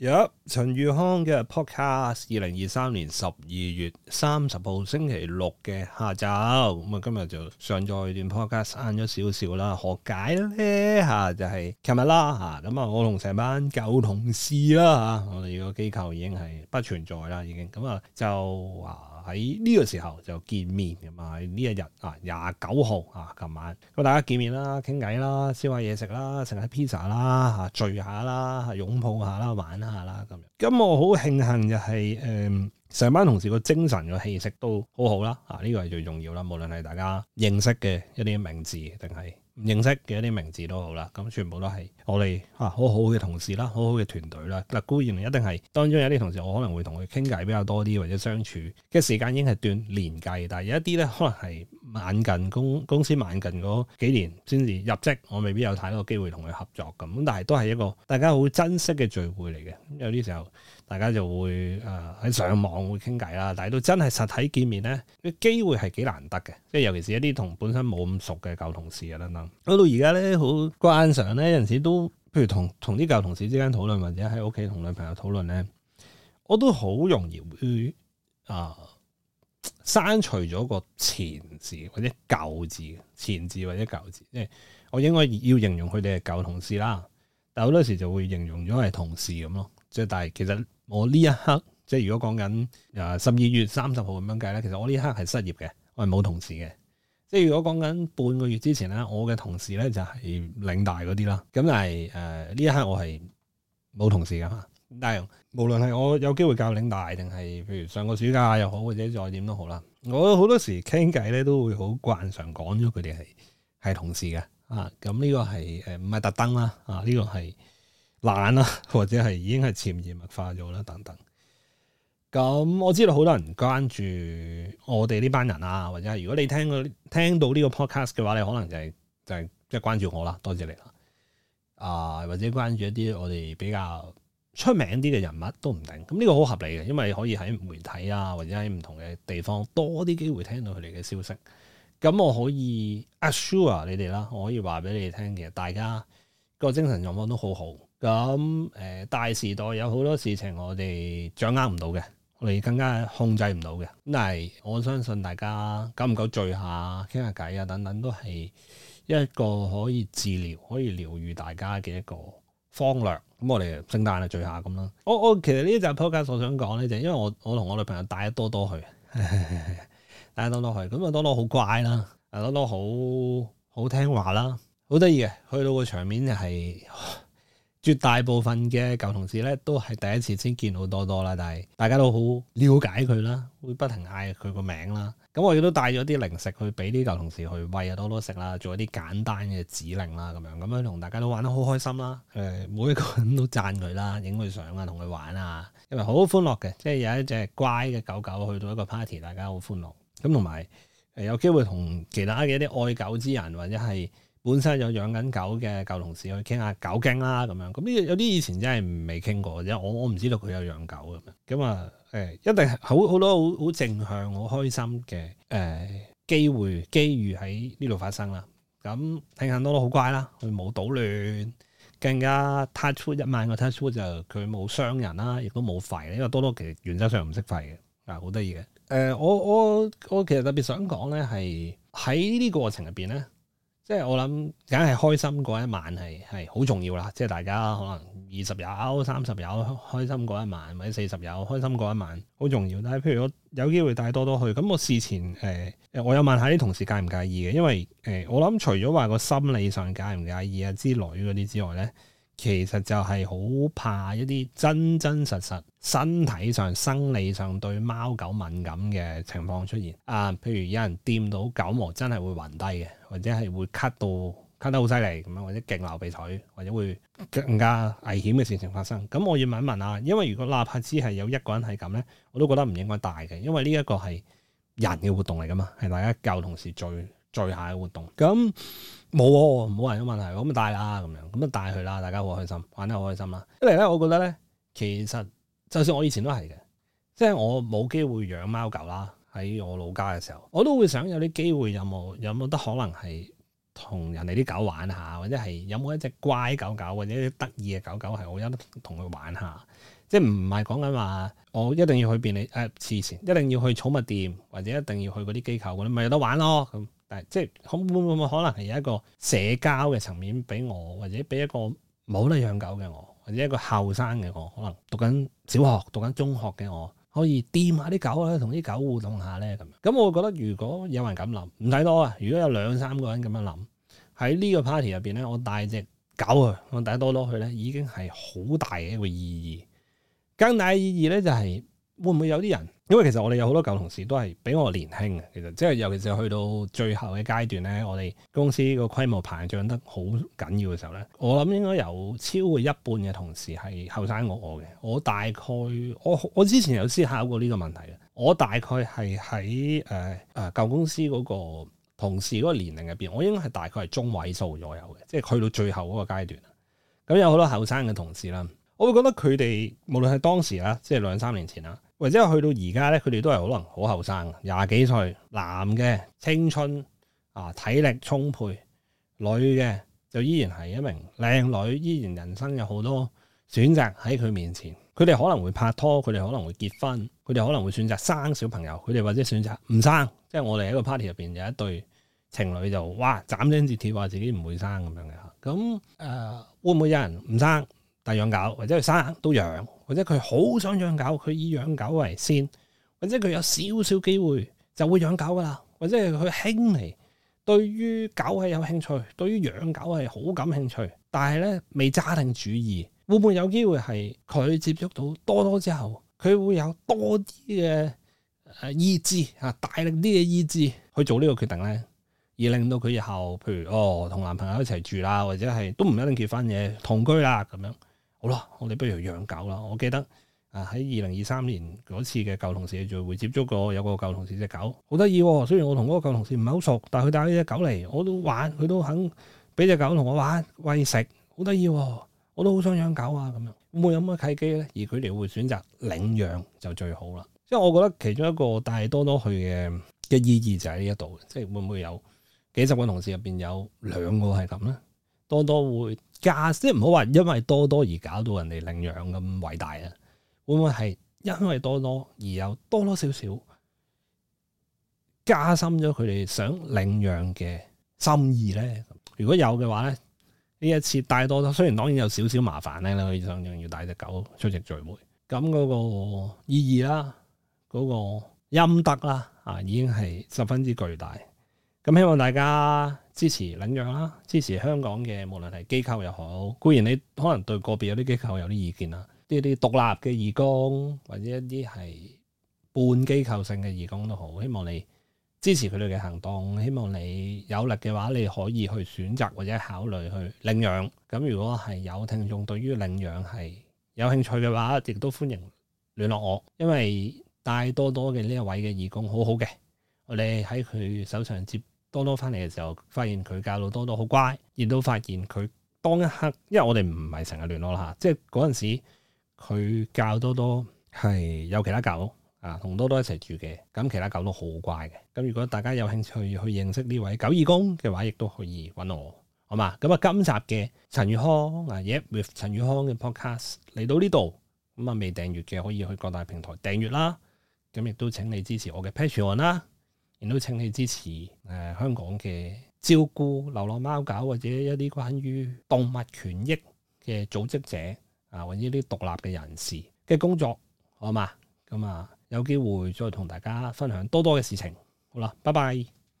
有陳宇康嘅 podcast，二零二三年十二月三十號星期六嘅下晝，咁啊今日就上咗一段 podcast，慳咗少少啦。何解咧？吓、啊、就係琴日啦，吓咁啊我同成班舊同事啦，吓、啊、我哋個機構已經係不存在啦，已經咁啊就啊。就啊喺呢個時候就見面噶嘛，呢一日啊廿九號啊，琴晚咁大家見面啦，傾偈啦，燒下嘢食啦，食下 pizza 啦，吓聚下啦，擁抱下啦，玩一下啦，咁樣。咁我好慶幸就係誒，成班同事個精神個氣息都好好啦，啊呢個係最重要啦，無論係大家認識嘅一啲名字定係，唔認識嘅一啲名字都好啦，咁全部都係我哋嚇好好嘅同事啦，好好嘅團隊啦。嗱，固然一定係當中有啲同事，我可能會同佢傾偈比較多啲，或者相處嘅時間已經係段年計，但係有一啲咧可能係。晚近公公司晚近嗰幾年先至入職，我未必有太多機會同佢合作，咁，但係都係一個大家好珍惜嘅聚會嚟嘅。有啲時候大家就會誒喺、呃、上網會傾偈啦，但係到真係實體見面咧，機會係幾難得嘅。即係尤其是一啲同本身冇咁熟嘅舊同事啊等等，去到而家咧好慣常咧，有陣時都譬如同同啲舊同事之間討論，或者喺屋企同女朋友討論咧，我都好容易會啊～刪除咗個前字或者舊字，前字或者舊字，即係我應該要形容佢哋係舊同事啦。但好多時就會形容咗係同事咁咯。即係但係其實我呢一刻，即係如果講緊誒十二月三十號咁樣計咧，其實我呢一刻係失業嘅，我係冇同事嘅。即係如果講緊半個月之前咧，我嘅同事咧就係領大嗰啲啦。咁但係誒呢一刻我係冇同事㗎吓。但係，無論係我有機會教領大，定係譬如上個暑假又好，或者再點都好啦。我好多時傾偈咧，都會好慣常講咗佢哋係係同事嘅啊。咁、嗯、呢、這個係誒唔係特登啦啊，呢、這個係懶啦，或者係已經係潛移默化咗啦等等。咁、嗯、我知道好多人關注我哋呢班人啊，或者如果你聽過聽到呢個 podcast 嘅話，你可能就係、是、就係即係關注我啦，多謝你啦。啊，或者關注一啲我哋比較。出名啲嘅人物都唔定，咁、這、呢個好合理嘅，因為可以喺媒體啊，或者喺唔同嘅地方多啲機會聽到佢哋嘅消息。咁我可以 assure 你哋啦，我可以話俾你哋聽，其實大家個精神狀況都好好。咁誒、呃，大時代有好多事情我哋掌握唔到嘅，我哋更加控制唔到嘅。咁但係我相信大家夠唔夠聚下傾下偈啊等等，都係一個可以治療、可以療癒大家嘅一個。方略咁，我哋聖誕啊聚下咁啦。我我其實呢集就 podcast 我想講呢，就因為我我同我女朋友帶阿多多去，帶 阿多多去，咁阿多多好乖啦，阿多多好好聽話啦，好得意嘅，去到個場面就係。絕大部分嘅舊同事咧，都係第一次先見到多多啦，但係大家都好了解佢啦，會不停嗌佢個名啦。咁我亦都帶咗啲零食去俾啲舊同事去餵啊多多食啦，做一啲簡單嘅指令啦，咁樣咁樣同大家都玩得好開心啦。誒、呃，每一個人都讚佢啦，影佢相啊，同佢玩啊，因為好歡樂嘅，即係有一隻乖嘅狗狗去到一個 party，大家好歡樂。咁同埋誒有機、呃、會同其他嘅一啲愛狗之人或者係。本身有養緊狗嘅舊同事去傾下狗經啦、啊，咁樣咁呢有啲以前真係未傾過，即係我我唔知道佢有養狗咁樣，咁啊誒，一定係好好多好好正向好開心嘅誒機會機遇喺呢度發生啦。咁慶幸多多好乖啦，佢冇搗亂，更加 touchwood 一萬個 touchwood 就佢冇傷人啦、啊，亦都冇吠，因為多多其實原則上唔識吠嘅，啊好得意嘅。誒、嗯，我我我其實特別想講咧，係喺呢啲過程入邊咧。即係我諗，梗係開心過一晚係係好重要啦！即係大家可能二十有三十有開心過一晚，或者四十有開心過一晚，好重要。但係譬如我有機會帶多多去，咁我事前誒、呃、我有問下啲同事介唔介意嘅，因為誒、呃、我諗除咗話個心理上介唔介意啊之類嗰啲之外咧。其實就係好怕一啲真真實實身體上、生理上對貓狗敏感嘅情況出現啊！譬如有人掂到狗毛真係會暈低嘅，或者係會咳到咳得好犀利咁啊，或者勁流鼻水，或者會更加危險嘅事情發生。咁我要問一問啊，因為如果哪怕只係有一個人係咁咧，我都覺得唔應該帶嘅，因為呢一個係人嘅活動嚟噶嘛，係大家舊同事聚，聚下嘅活動，咁冇冇人有問題，咁咪帶啦咁樣，咁就帶佢啦，大家好開心，玩得好開心啦。因為咧，我覺得咧，其實就算我以前都係嘅，即係我冇機會養貓狗啦，喺我老家嘅時候，我都會想有啲機會有冇有冇得可能係同人哋啲狗玩下，或者係有冇一隻乖狗狗或者得意嘅狗狗係我有得同佢玩下，即係唔係講緊話我一定要去便利，誒、哎？之前一定要去寵物店或者一定要去嗰啲機構，你咪有得玩咯。但係即係可會唔會可能係有一個社交嘅層面俾我，或者俾一個冇得養狗嘅我，或者一個後生嘅我，可能讀緊小學、讀緊中，中學嘅我，可以掂下啲狗咧，同啲狗互動下咧，咁咁我覺得如果有人咁諗，唔使多啊。如果有兩三個人咁樣諗喺呢個 party 入邊咧，我帶隻狗啊，我帶多攞去咧，已經係好大嘅一個意義。更大嘅意義咧就係、是、～會唔會有啲人？因為其實我哋有好多舊同事都係比我年輕嘅，其實即係尤其是去到最後嘅階段咧，我哋公司個規模膨脹得好緊要嘅時候咧，我諗應該有超過一半嘅同事係後生過我嘅。我大概我我之前有思考過呢個問題嘅，我大概係喺誒誒舊公司嗰個同事嗰個年齡入邊，我應該係大概係中位數左右嘅，即係去到最後嗰個階段。咁有好多後生嘅同事啦，我會覺得佢哋無論係當時啦，即係兩三年前啦。或者去到而家咧，佢哋都係可能好後生，廿幾歲，男嘅青春啊，體力充沛；女嘅就依然係一名靚女，依然人生有好多選擇喺佢面前。佢哋可能會拍拖，佢哋可能會結婚，佢哋可能會選擇生小朋友，佢哋或者選擇唔生。即係我哋喺個 party 入邊有一對情侶就哇斬釘截鐵話自己唔會生咁樣嘅嚇。咁誒、呃、會唔會有人唔生？但養狗，或者佢生都養，或者佢好想養狗，佢以養狗為先，或者佢有少少機會就會養狗噶啦，或者係佢輕微對於狗係有興趣，對於養狗係好感興趣，但係咧未揸定主意，會唔會有機會係佢接觸到多多之後，佢會有多啲嘅誒意志嚇，大力啲嘅意志去做呢個決定咧，而令到佢以後譬如哦同男朋友一齊住啦，或者係都唔一定結婚嘅同居啦咁樣。好啦，我哋不如養狗啦。我記得啊，喺二零二三年嗰次嘅舊同事嘅聚會，接觸過有個舊同事隻狗，好得意喎。雖然我同嗰個舊同事唔係好熟，但係佢帶呢隻狗嚟，我都玩，佢都肯俾隻狗同我玩，餵食，好得意喎。我都好想養狗啊，咁樣會，會有乜契機咧？而佢哋會選擇領養就最好啦。即係我覺得其中一個帶多多去嘅嘅意義就喺呢一度，即係會唔會有幾十個同事入邊有兩個係咁咧？多多會加，即係唔好話因為多多而搞到人哋領養咁偉大啊！會唔會係因為多多而有多多少少加深咗佢哋想領養嘅心意咧？如果有嘅話咧，呢一次帶多多，雖然當然有少少麻煩咧，你可以想像，要帶隻狗出席聚會，咁嗰個意義啦，嗰個陰德啦，啊已經係十分之巨大。咁希望大家。支持領養啦，支持香港嘅，無論係機構又好，固然你可能對個別有啲機構有啲意見啦，呢啲獨立嘅義工或者一啲係半機構性嘅義工都好，希望你支持佢哋嘅行動，希望你有力嘅話，你可以去選擇或者考慮去領養。咁如果係有聽眾對於領養係有興趣嘅話，亦都歡迎聯絡我，因為帶多多嘅呢一位嘅義工好好嘅，我哋喺佢手上接多多翻嚟嘅時候，發現佢教到多多好乖，亦都發現佢當一刻，因為我哋唔係成日聯絡啦吓，即係嗰陣時佢教多多係有其他狗啊，同多多一齊住嘅，咁其他狗都好乖嘅。咁如果大家有興趣去認識呢位狗義工嘅話，亦都可以揾我，好嘛？咁啊，今集嘅陳宇康啊 with 陳宇康嘅 podcast 嚟到呢度，咁啊未訂閱嘅可以去各大平台訂閱啦，咁亦都請你支持我嘅 Patreon 啦。亦都請你支持誒、呃、香港嘅照顧流浪貓狗或者一啲關於動物權益嘅組織者啊，或者一啲獨立嘅人士嘅工作，好嘛？咁、嗯、啊，有機會再同大家分享多多嘅事情，好啦，拜拜。